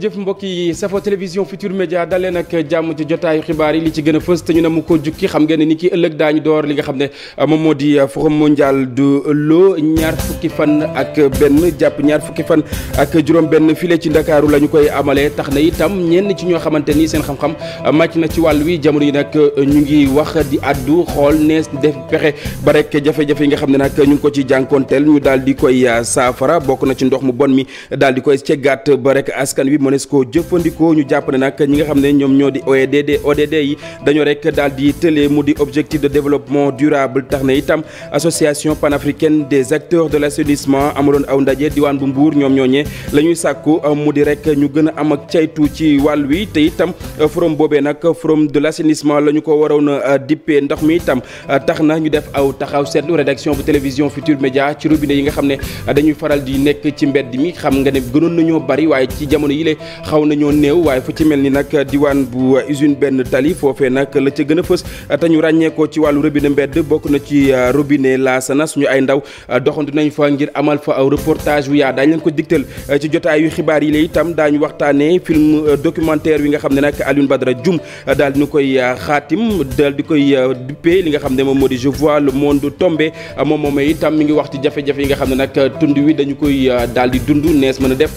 jëf mbokk yi safo télévision Futur Média dalee nag jàmm ci jotaayu xibaar yi li ci gën a fës te ñu ne mu ko jukki xam ngeen ne ni ki ëllëg daañu door li nga xam ne ah, moom moo di ah, forum mondial du l'eau ñaar fukki fan ak benn jàpp ñaar fukki fan ak juróom-benn file ci ndakaaru la ñu koy amalee tax na itam ñenn ci ñoo xamante ni seen xam-xam ah, màcc na ci wàll wi jamono yi nag ñu ngi wax di addu xool nees def pexe ba rekk jafe-jafe yi nga xam ne nag ñu ngi ko ci jànkonteel ñu daal di koy saafara bokk na ci ndox mu bon mi daal di koy ceggaat ba rek askan wi mënees koo jëfandikoo ñu jàpp ne nag ñi nga xam ne ñoom ñoo di ODD e ODD yi dañoo rek daal di tëlee mu di objectif de développement durable tax na itam association panafricaine des acteurs de l'assainissement amaloon aw ndaje diwaan bu Mbour ñoom ñooñee la ñuy sàkku euh, mu di rek ñu gën a am ak caytu ci wàll wi te itam euh, forum boobe nag from de l'assainissement la ñu ko waroon a euh, dippee ndox mi itam tax na ñu def aw taxaw seetlu rédaction bu télévision Futur Média ci robinet yi nga xam ne dañuy faral di nekk ci mbedd mi xam nga ne foofee xaw nañoo néew waaye fu ci mel ni nag diwaan bu usine benn tali foofee nag la ca gën a fës te ñu ràññeekoo ci wàllu robinet mbedd bokk na ci euh, robinet laasana suñu ay ndaw euh, doxantu nañ fa ngir amal fa aw reportage wu yaa daañu leen ko digtal euh, ci jotaayu xibaar yi la itam daañu waxtaanee film documentaire wi nga xam ne nag Alioune Badara Dioum daal di koy xaatim daal di koy duppee li nga xam ne moom moo di je vois le monde tombe moom moom itam mi ngi wax ci jafe-jafe yi nga xam ne nag tund wi dañu koy daal di dund nees mën a def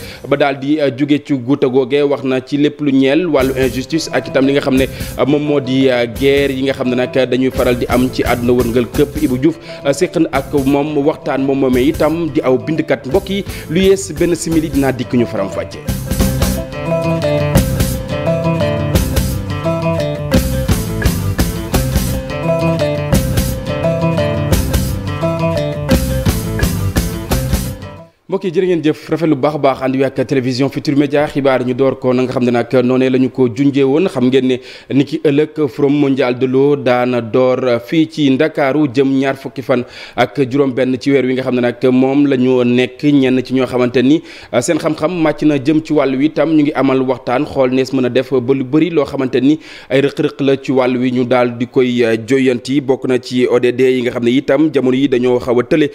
guuta googee wax na ci lépp lu ñeel wàllu injustice ak itam li nga xam ne ah, moom moo di ah, guerre yi nga xam ne nag dañuy faral di am ci àdduna wërngal këpp Ibou Diouf ah, séq na ak moom waxtaan moom moomee itam di aw bindkat mbokk yi lu yees benn simili dinaa dikk ñu faram mbokk yi jërë ngeen jëf rafet lu baax a baax ànd wi ak télévision Futur Média xibaar ñu door ko nga xam ne nag noonee la ñu ko junjee woon xam ngeen ne ni ki ëllëg forum mondial de l'eau daana door fii ci ndakaaru jëm ñaar fukki fan ak juróom benn ci weer wi nga xam ne nag moom la ñu nekk ñenn ci ñoo xamante ni seen xam-xam màcc na jëm ci wàll wi itam ñu ngi amal waxtaan xool nees mën a def ba lu bëri loo xamante ni ay rëq-rëq la ci wàll wi ñu daal di koy joyanti bokk na ci ODD yi nga xam ne itam jamono yi dañoo xaw a tële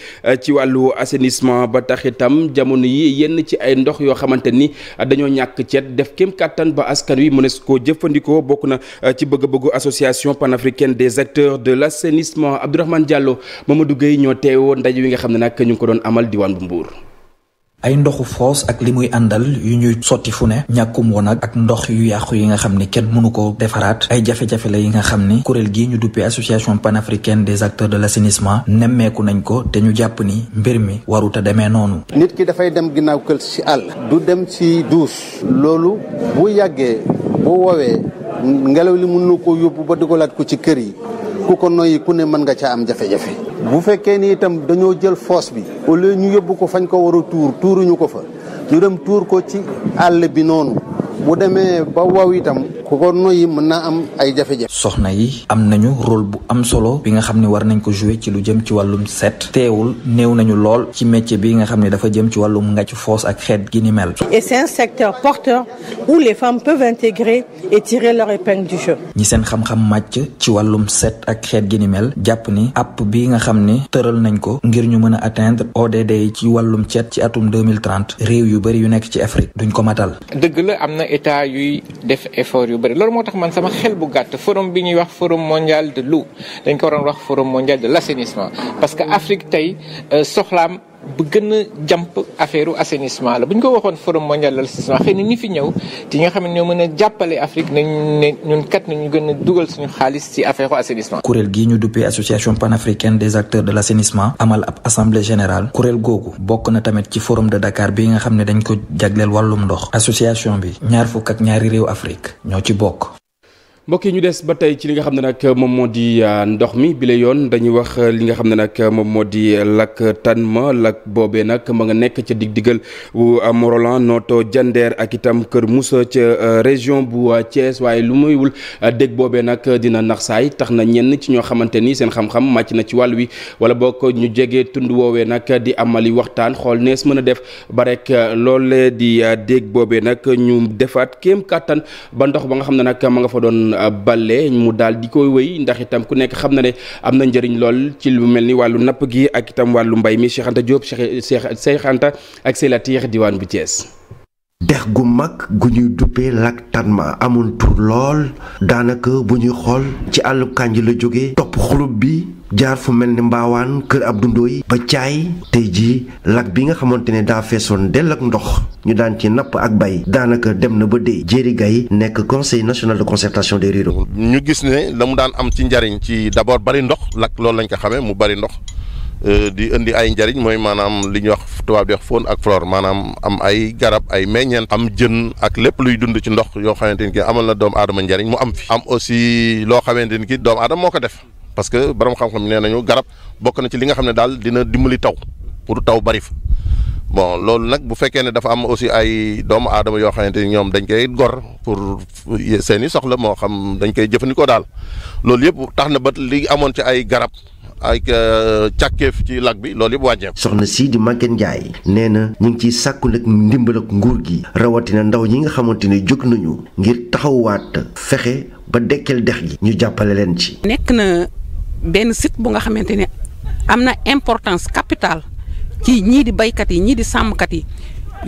ci wàllu assainissement ba tax itam jamono yi yenn ci ay ndox yoo xamante ni dañoo ñàkk ceet def kéem kàttan ba askan wi mënees koo jëfandikoo bokk na euh, ci bëgg-bëggu association panafricaine des acteurs de l'assainissement Abdourahmane Diallo Mamadou Gueye ñoo teewoo ndaje wi nga xam ne nag ñu ko doon amal diwaan bu Mbour ay ndoxu foos ak li muy àndal yu ñuy sotti fu ne ñàkkum woon ak ndox yu yàqu yi nga xam ni kenn mënu ko defaraat ay jafe-jafe la yi nga xam ni kuréel gii ñu duppee association panafricaine des acteurs de la l'assainissement nemmeeku nañ ko te ñu jàpp ni mbir mi waruta demee noonu nit ki dafay dem ginnaaw kër ci àll du dem ci duus loolu bu yàggee bu woowee ngelaw li mën ko yóbbu ba dugalaat ko ci kër yi ku ko noyyi ku ne mën nga caa am jafe-jafe bu fekkee ni itam dañoo jël foos bi au lieu ñu yóbbu ko fañ ko war a tuur tuuruñu ko fa ñu dem tuur ko ci àll bi noonu bu demee ba waw itam ku ko noyyi mën na am ay jafe-jafe. soxna yi am nañu rôle bu am solo bi nga xam ne war nañ ko jouer ci lu jëm ci wàllum set teewul néew nañu lool ci métier bi nga xam ne dafa jëm ci wàllum ngàcc foos ak xeet gi ni mel. et c'est les femmes peuvent intégrer et tirer ñi seen xam-xam màcc ci wàllum set ak xeet gi ni mel jàpp ni app bi nga xam ni tëral nañ ko ngir ñu mën a atteindre ODD yi ci wàllum cet ci atum 2030 réew yu bëri yu nekk ci Afrique duñ ko matal. état yuy def effort yu bëri loolu moo tax man sama xel bu gàtt forum bi ñuy wax forum mondial de l'eau dañ ko waroon wax forum mondial de l'assainissement parce que Afrique tey euh, soxlaam bu gën jàmp affaire assainissement la bu ñu ko waxoon forum mondial de l'assainissement xëy na ñi fi ñëw te nga xam ne ñoo mën a jàppale Afrique nañ ne ñun kat nañu gën dugal suñu xaalis ci affaire assainissement. kuréel gii ñu duppee association panafricaine des acteurs de l'assainissement amal ab assemblée générale kuréel googu bokk na tamit ci forum de Dakar bi nga xam ne dañ ko jagleel wàllum ndox association bi ñaar fukk ak ñaari réew Afrique ñoo ci bokk. mbokk yi ñu des ba tey ci li nga xam ne nag moom moo di euh, ndox mi bi yoon dañuy wax li nga xam ne nag moom moo di euh, lac Tanema lac boobee nag ma nga nekk ca dig-digal bu euh, Morolan Noto Jandeer ak itam Kër Moussa ca région bu Thiès waaye lu muyul dég boobee nag dina nax saay tax na ñenn ci ñoo xamante ni seen xam màcc na ci wàll wi wala boo ko ñu jegee tund woowee nag di amali waxtaan xool nees mën a def ba rek loolee di dég boobee nag ñu defaat kéem kàttan ba ndox ba nga xam ne nag ma nga fa doon Baldé mu daal di koy wéy ndax itam ku nekk xam na ne am na njëriñ lool ci lu mel ni wàllu napp gi ak itam wàllu mbay mi Cheikh Anta Diop Cheikh Cheikh Anta ak Seylatir diwaan bu Thiès dex gu mag gu ñuy duppee lac Tadma amul tur lool daanaka bu ñuy xool ci àllu kànj la jóge topp xulub bi jaar fu mel ni mbaawaan kër Abdou Ndoye ba caay tey jii lac bi nga xamante ne daa feesoon dell ak ndox ñu daan ci napp ak bay daanaka dem na ba dee Diéry Gaye nekk conseil national de concertation des ruraux. ñu gis ne la mu daan am ci njariñ ci d'abord bari ndox lakk loolu lañ ko xamee mu bari ndox. Euh, di indi ay njariñ mooy maanaam li ñuy wax tubaab di wax faune ak flore maanaam am ay garab ay meññeen am jën ak lépp luy dund ci ndox yoo xamante ni ki amoon na doomu aadama njariñ mu am fi am aussi loo xamante ni ki doomu adama moo ko def parce que borom xam-xam nee nañu garab bokk na ci li nga xam ne daal dina dimbali taw pour taw bari fa bon loolu nag bu fekkee ne dafa am aussi ay doomu aadama yoo xamante ni ñoom dañ koy gor pour seen i soxla moo xam dañ koy jëfandikoo daal loolu yëpp tax na ba li amoon ci ay garab ak euh, càkkeef ci lac bi loolu yëpp wàññeeku. soxna sii di Maguette Ndiaye nee na ñu ngi ciy sàkku nag ndimbal ak nguur gi rawatina ndaw ñi nga xamante ni jóg nañu ngir taxawaat fexe ba dekkeel dex gi. ñu jàppale leen ci. nekk na benn site bu nga xamante ne am na importance capital ci ñii di baykat yi ñii di sàmmkat yi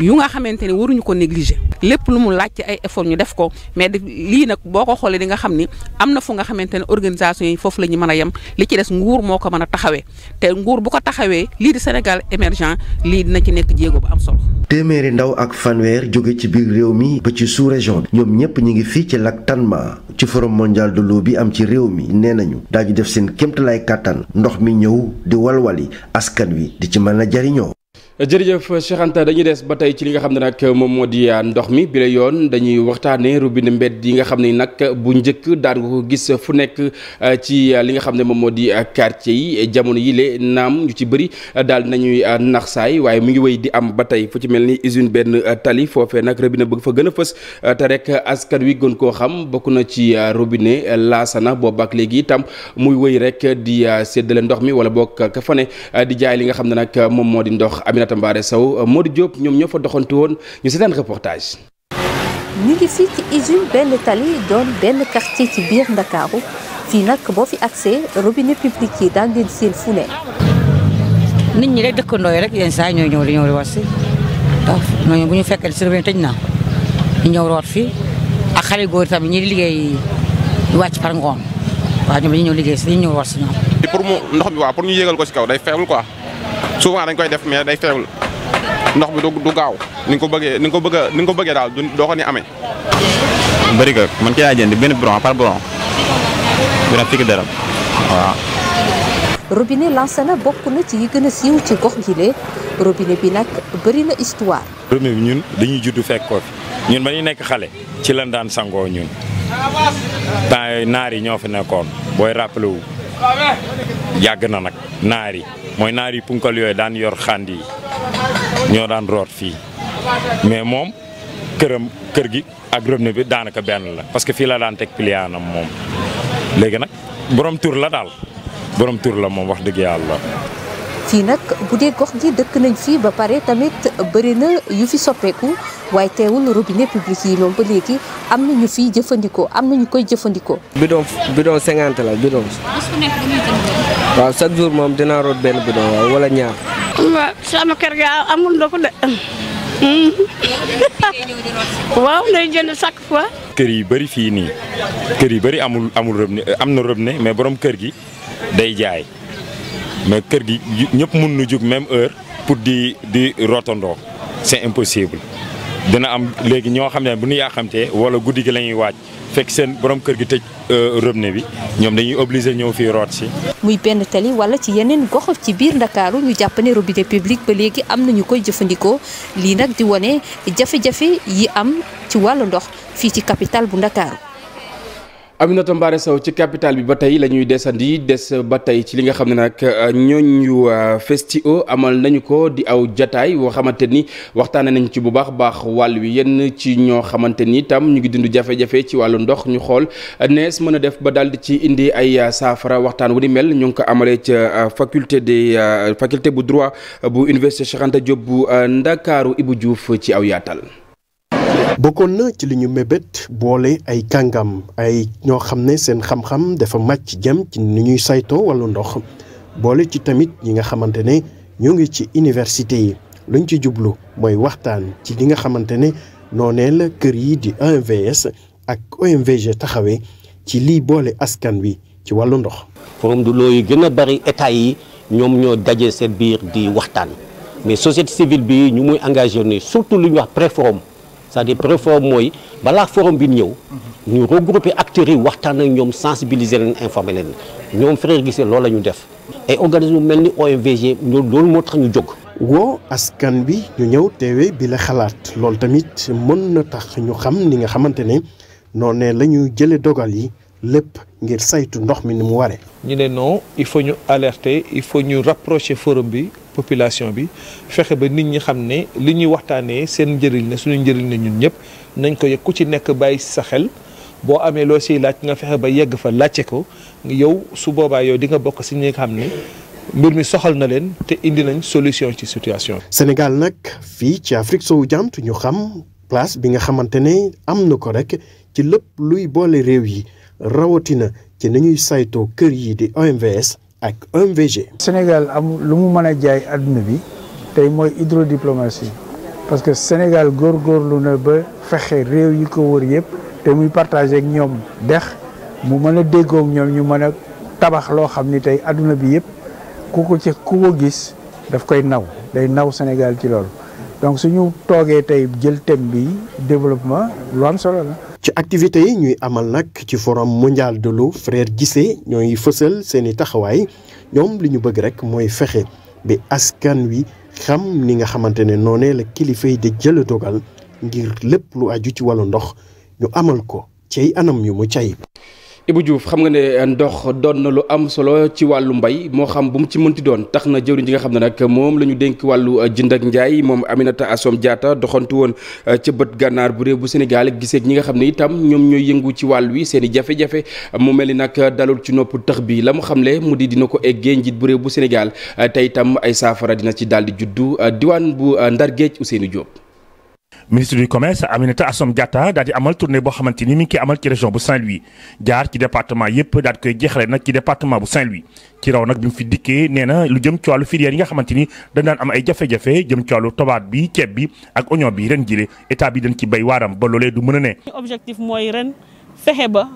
yu nga xamante ne waruñu ko négliger. lépp lu mu laaj ci ay effort ñu def ko mais lii nag boo ko xoolee di nga xam ni am na fu nga xamante ne organisation yi foofu la ñu mën a yem li ci des nguur moo ko mën a taxawee te nguur bu ko taxawee lii di Sénégal émergent lii dina ci nekk jéego bu am solo. téeméeri ndaw ak fanweer jóge ci biir réew mi ba ci sous région bi ñoom ñëpp ñu ngi fii ci lac Tanba ci forum mondial de l'eau bi am ci réew mi nee nañu daañu def seen kéemtalaay kàttan ndox mi ñëw di walwali askan wi di ci mën a jariñoo jërëjëf Cheikh Anta dañuy des ba tey ci li nga xam ne nag moom moo di ah, ndox mi bi la yoon dañuy waxtaanee robine mbedd yi nga xam ne nag bu njëkk daan gis fu nekk ah, ci ah, li nga xam ne moom moo di quartier yi jamono yi le naam ñu ci bëri daal nañuy nax saay waaye mu ngi wéy di am ba tey fu ci mel ni usine benn tali foofee nag robinet bëgg fa gën a fës te rek askan wi gën koo xam bokk na ci robinet laasana boobaak léegi itam muy wéy rek di séddale ndox mi wala boog ka fa li nga xam ne nag moom moo di ndox Aminata Mbaare Sow Modou Diop ñoom ñoo fa doxantu woon ñu seetaan reportage. ñu ngi fii ci usine benn tali doon benn quartier ci biir Ndakaaru fii nag boo fi accès robinet public yi daan leen seen fu ne. nit ñi rek dëkkandoo yi rek yenn saa ñooy ñëw di ñëw di war si waaw bu ñu fekkee si robinet tëj na ñu ñëw root fii ak xale góor tamit ñi di liggéey wàcc par ngoon waaw ñoom ñëw liggéey si ñëw root si ñoom. pour mu ndox bi waaw pour ñu yéegal ko si kaw day faible souvent dañ koy def mais day feewul ndox bi du gaaw ni nga ko bëggee ni nga ko bëgg ni nga ko bëggee daal doo ko ni amee. bëri ko man ki laa jënd benn broullon par broullon bi nag waaw. robinet Lansana bokk a siiw ci gox bëri na histoire. robinet bi ñun dañuy juddu fekk ko fi ñun ba ñu nekk xale ci lan daan sangoo ñun temps naar yi ñoo fi nekkoon booy rappelé wu yàgg na nag naar yi. mooy naar yi punkal yooyu daan yor xànd yi ñoo daan root fii mais moom këram kër gi ak rëbne bi daanaka benn la parce que fii la daan teg pliyaanam moom léegi nag borom tuur la daal borom tur la moom wax dëgg yàlla fii nag bu dee gox gi dëkk nañ fii ba pare tamit bëri na yu fi soppeeku waaye teewul robinet public yi moom ba léegi am na ñu jëfandikoo am na koy jëfandikoo. bidon bidon cinquante la bidon. waaw jour moom dinaa root wala ñaar. waaw sama amul ndox de. Mm-hmm. waaw day kër yi bëri fii nii kër yi bëri amul amul na robinet mais boroom kër gi day jaay. mais kër gi ñëpp mun nu jóg même heure pour di di rotandoo c'est impossible dina am léegi ñoo xam ne bu ñu yàqamtee wala guddi gi la ñuy waaj fekk seen borom kër gi tëj euh, robinet bi ñoom dañuy obligé ñëw fii rot si. muy benn tali wala ci yeneen gox ci biir ndakaaru ñu jàpp ne robinet léegi am na ñu koy jëfandikoo lii nag di wane jafe-jafe yi am ci wàllu ndox fii ci capitale bu ndakaaru Aminata Mbaare Sow ci capital bi ba tey la ñuy desandi des ba tey ci li nga xam ne nag euh, ñooñu euh, Festio amal nañu ko di aw jataay woo xamante ni waxtaane nañ ci bu baax baax wàll wi yenn ci ñoo xamante ni itam ñu ngi dundu jafe-jafe ci wàllu ndox ñu xool euh, nees mën a def ba daal di ci indi ay saafara waxtaan wu ni mel ñoo ngi ko amalee ca faculté des faculté bu droit bu université Cheikh Anta Diop bu Ndakaaru Ibou Diouf ci aw yaatal. bokkoon na ci li ñu mébét boole ay kàngam ay ñoo xam ne seen xam-xam dafa màcc jëm ci ni ñuy saytoo wallu ndox boole ci tamit ñi nga xamante ne ñu ngi ci université yi luñ ci jublu mooy waxtaan ci li nga xamante ne noonee la kër yi di ANVS ak OMVG taxawe ci liy boole askan wi ci wàllu ndox. forum du l'eau yi gën a bari état yi ñoom ñoo dajee seen biir di waxtaan mais société civile bi ñu muy engagé ni surtout lu ñuy wax pré-forum c'est-à-dire mooy balaa forum bi ñëw ñu regrouper acteurs yi waxtaan ak ñoom sensibiliser leen informer leen ñoom frère Guissé loolu la ñu def ay organisme mel ni OMVG loolu moo tax ñu jóg woo askan bi ñu ñëw teewe bi la xalaat loolu tamit mën na tax ñu xam ni nga xamante ne noonu la ñu jële dogal yi lépp ngir saytu ndox mi ni mu waree. ñu ne non il faut ñu alerte il faut ñu rapprocher forum bi population bi fexe ba nit ñi xam ne li ñuy waxtaanee seen njëriñ la suñu njëriñ la ñun ñëpp nañ ko yëg ku ci nekk bàyyi sa xel boo amee loo siy laaj nga fexe ba yegg fa laajte ko yow su boobaa yow di nga bokk si ñi xam ne mbir mi soxal na leen te indi nañ solution ci situation bi Sénégal nag fii ci Afrique soowu jant ñu xam place bi nga xamante ne am na ko rek ci lépp luy boole réew yi rawatina ci ni ñuy saytoo kër yi di OMVS ak MVG. Sénégal am lu mu mën a jaay àdduna bi tey mooy hydrodiplomatie parce que Sénégal góor góorgóorlu na ba fexe réew yi ko wër yëpp te muy partagé ak ñoom dex mu mën a déggook ñoom ñu mën a tabax loo xam ni tey àdduna bi yëpp ku ko ci ku ko gis daf koy naw day naw Sénégal ci lool donc suñu toogee tey jël thème bi développement lu am solo la. ci activités yi ñuy amal nag ci forum mondial de l'eau Frères Guissé ñooy fësal seeni taxawaay ñoom li ñu bëgg rek mooy fexe bi askan wi xam ni nga xamante ne noonee la kilifa yi di jël dogal ngir lépp lu aju ci wàllu ndox ñu amal ko ci anam yu mu cay Ibou Diouf xam nga ne euh, ndox doon na lu am solo ci wàllu mbay moo xam bu mu ci mënti doon tax na jëwriñ ji nga xam ne nag moom lañu ñu dénk wàllu euh, jënd ak njaay moom Aminata Assome jaata doxantu woon euh, ca bët gànnaar bu réew bu Sénégal gisee ñi nga xam ne itam ñoom ñooy yëngu ci wàll wi seeni i jafe-jafe mu mel ni nag dalul ci noppu tax bi la mu xamle mu di dina ko eggee njiit bu réew bu Sénégal tey itam ay saafara dina ci daal di juddu diwaan bu Ndar Géej seeni Diop. ministre du commerce Aminata Assome Diatta daal di amal tournée boo xamante ni mi ngi koy amal ci région bu Saint-Louis koy jeexale nag ci département bu saint dikkee nee na lu jëm ci wàllu filière xamante ni dañ am ay jafe jëm ci wàllu tomaate bi ceeb bi ak oignon bi ren jile état bi dañ ci béy waaram ba loolee du a ne. objectif mooy ren fexe ba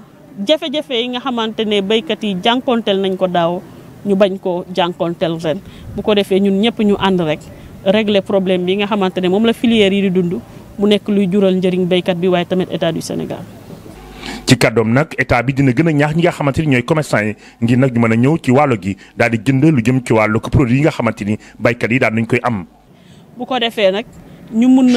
jafe yi nga xamante ne béykat yi jànkonteel nañ ko daaw ñu bañ ko jànkonteel ren bu ko defee ñun ñëpp ñu ànd rek régler problème bi nga xamante ne moom la filière yi di dund bu nekk luy jural njëriñ baykat bi waaye tamit état du Sénégal. ci kàddoom nag état bi dina gën a ñaax ñi nga xamante ni ñooy commerçant yi ngir nag ñu mën a ñëw ci wàllu gi daal di jënd lu jëm ci wàllu produit yi nga xamante ni béykat yi daal nañ koy am. bu ko defee nag ñu mun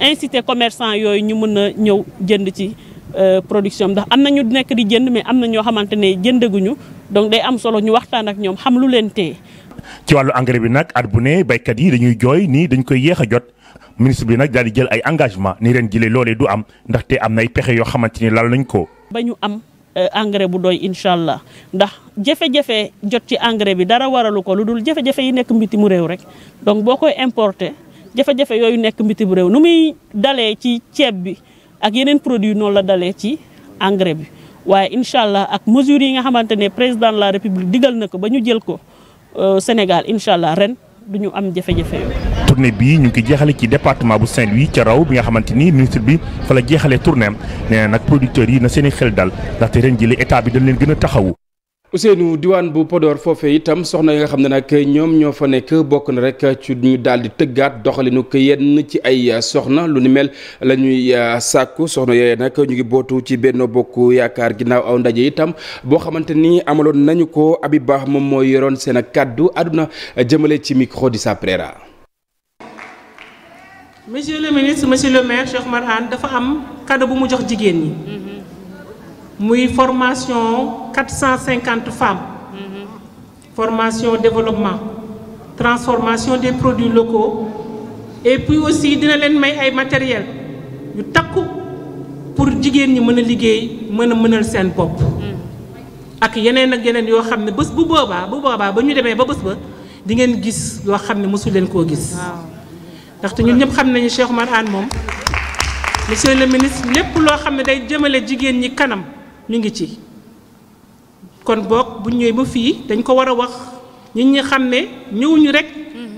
a inciter commerçant yooyu ñu mun a ñëw jënd ci euh, production ndax am na ñu nekk di jënd mais am na ñoo xamante ne jëndaguñu donc day am solo ñu waxtaan ak ñoom xam lu leen téye. ci wàllu engrais bi nag at bu ne béykat yi dañuy jooy nii dañ koy yéex a jot. ministre bi nag daal di jël ay engagement ni ren jëlee loolee du am ndaxte am na ay pexe yoo xamante ni lal nañ ko. ba ñu am euh, engrais bu doy incha allah ndax jafe-jafe jot ci engrais bi dara waralu ko lu dul jafe-jafe yi nekk mbiti mu réew rek donc boo koy importer jafe-jafe yooyu nekk mbiti mu réew nu muy dalee ci ceeb bi ak yeneen produit noonu la dalee ci engrais bi waaye incha allah ak mesures yi nga xamante ne président de la république digal na ko ba ñu jël ko euh, Sénégal incha allah ren du ñu am jafe tournée bi ñu ngi koy jeexale ci département bu Saint-Louis ca raw bi nga xamante ni ministre bi fa jeexalee tournée am nee na nag yi na seen i xel dal ndaxte ren jëlee état bi dañ leen gën a taxawu. Ousseynou diwaan bu podoor foofee itam soxna yi nga xam ne nag ñoom ñoo fa nekk bokk na rek ci ñu daal di tëggaat doxalinu ko yenn ci ay soxna lu ni mel la ñuy euh, sàkku soxna yooyu nag ñu ngi bootu ci benn Bokk Yaakaar ginnaaw aw ndaje itam boo xamante ni amaloon nañu ko abi baax moom mooy yoroon seen kàddu àdduna jëmale ci micro di sa monsieur le ministre monsieur le maire Cheikh Oumar Anne dafa am cadeau bu mu jox jigéen ñi. muy formation 450 femmes. formation développement transformation des produits locaux et puis aussi dina leen may ay matériel yu takku pour jigéen ñi mën a liggéey mën a mënal seen bopp. ak yeneen ak yeneen yoo xam ne bës bu boobaa bu boobaa ba ñu demee ba bés ba di ngeen gis yoo xam ne mosu leen koo gis. ndaxte ñun ñëpp xam nañu Cheikh Oumar Anne moom monsieur le ministre lépp loo xam ne day jëmale jigéen ñi kanam mi ngi ci kon boog bu ñëwee ba fii dañ ko war a wax nit ñi xam ne ñëwuñu rek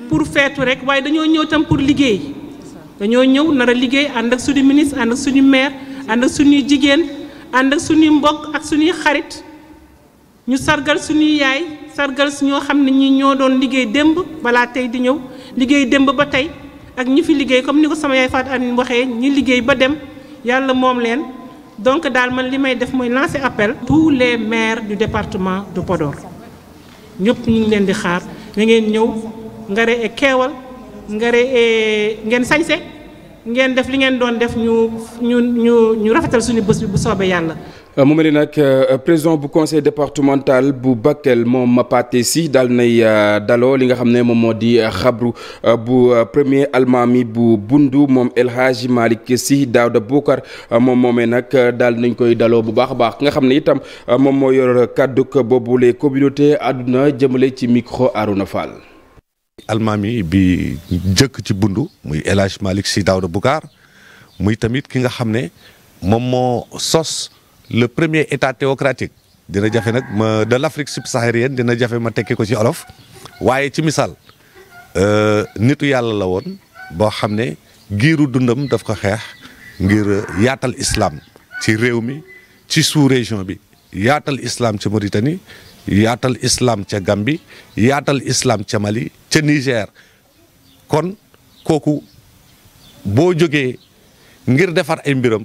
pour feetu rek waaye dañoo ñëw tam pour liggéey dañoo ñëw nara liggéey ànd ak suñu ministre ànd ak suñu maire ànd ak suñuy jigéen ànd ak suñuy mbokk ak suñuy xarit ñu sargal suñu yaay sargal ñoo xam ne ñi ñoo doon liggéey démb balaa tey di ñëw liggéey démb ba tey ak ñi fi liggéey comme ni ko sama yaay Fatou Amine waxee ñi liggéey ba dem yàlla moom leen donc daal man li may def mooy lancer appel. tout les maires du département de podoor ñëpp ñu ngi leen di xaar na ngeen ñëw ngare e keewal ngare e ngeen sañse ngeen def li ngeen doon def ñu ñu ñu rafetal suñu bés bi bu soobee yàlla. Euh, mu mel nag euh, président bu conseil départemental bu Bakel moom Pathé si daal nay euh, daloo li nga xam ne moom moo di xabru bu premier almaami bu Bundu moom El Hadji Malick Sy Daouda Boucar moom moomee nag daal nañ koy daloo bu baax a baax nga xam ne itam moom moo yor kàdduk boobu les communautés àdduna jëmale ci micro Arouna Fall. bi njëkk ci Bundu muy El Hadji Malick Sy Daouda tamit ki nga xam ne moom moo sos. le premier état théocratique dina jafe nag ma de l' Afrique subsaharienne dina jafe ma tekki ko ci olof waaye ci misaal euh, nitu yàlla la woon boo xam ne giiru dundam daf ko xeex ngir yaatal islam ci réew mi ci sous région bi yaatal islam ca Mauritanie yaatal islam ca Gambie yaatal islam ca Mali ca Niger kon kooku boo jógee ngir defar ay mbiram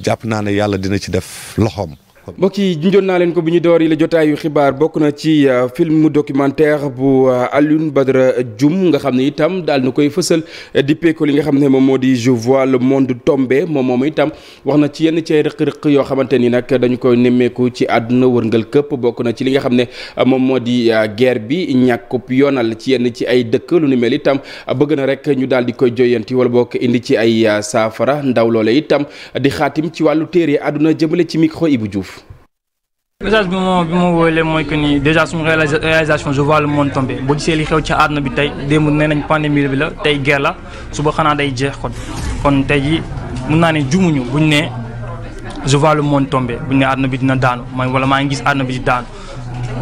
jàpp naa ne yàlla dina ci def loxoom. boppam. mbokk yi junjoon naa leen ko bi ñu door yi la jotaayu xibaar bokk na ci euh, film documentaire bu euh, Alioune Badara jum nga xam ne itam dal nu koy fësal euh, di li nga xam ne moom moo di je vois le monde tombé moom moom itam wax na ci yenn cay rëq yoo xamante ni nag dañu koy nemmeeku ci àdduna wërngal këpp bokk na ci li nga xam ne moom moo di guerre bi ñàkkub yoonal ci yenn ci ay dëkk lu ni mel itam bëgg na rek ñu daal di koy joyanti wala bokk indi ci ay saafara ndaw loole itam di xaatim ci wàllu téere àdduna jëmale ci micro bu Diouf message bi ma bi ma wóolee mooy que ni déjà suñu réalisation je vois le monde boo gisee li xew ci àdduna bi tey démb nee nañ pandémie bi la tey guerre la suba xanaa day jeex ko kon tey jii mun naa ne jumuñu buñ ne je vois le buñ ne àdduna bi dina daanu man wala maa ngi gis àdduna bi di daanu.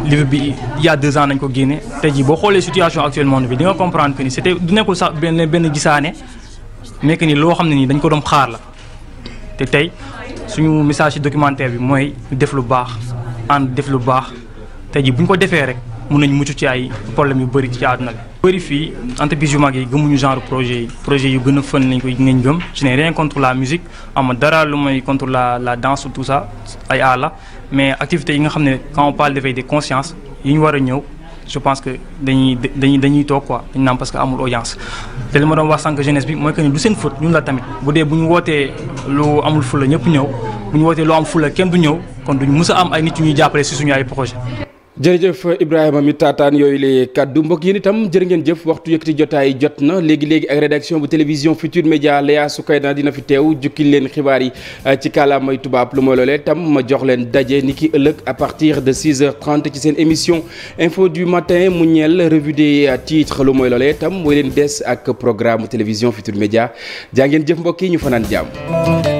livre bi il y a nañ ko génne tey jii boo xoolee situation actuellement bi di nga comprendre que ni c'était du nekkul benn benn gisaane ni loo xam ne nii dañ ko doon xaar la te tey suñu message ci documentaire bi mooy def lu baax. ànd def lu baax tey jii bu ñu ko defee rek mun nañ mucc ci ay problème yu bëri ci àdduna bi. bëri fii entreprise yu mag yi gëmuñu genre projet yi projet yu gën a fën lañ koy nañ gëm je n'ai rien contre la musique ama dara lu may contre la la danse tout ça ay àlla mais activités yi nga xam ne quand parle d'éveil de conscience yi ñu war a ñëw. je pense que dañuy dañuy dañuy toog quoi dañu naan parce que amul audience te li ma doom wax sànq jeunesse bi mooy que ni du seen faute ñun la tamit bu dee bu ñu wootee lu amul fulla ñëpp ñëw bu ñu wootee lu am fulla kenn du ñëw kon duñ mës am ay nit yu ñuy jàppale si suñu ay projet jërëjëf Ibrahima mi tataan yooyu la kàddu mbokk yéen itam jër ngeen jëf waxtu yëkkati jotaay jot na léegi-léegi ak rédaction bu télévision Futur Média Léa Soukayna dina fi teew jukki leen xibaar yi euh, ci kàllaamay tubaab lu ma loolee tam ma jox leen daje ni ki ëllëg à partir de 6 h ci seen émission info du matin mu ñeel revue des euh, titres lu mooy loolee tam mooy leen des ak programme télévision Futur Média jaa ngeen jëf mbokk yi ñu fanaan jàmm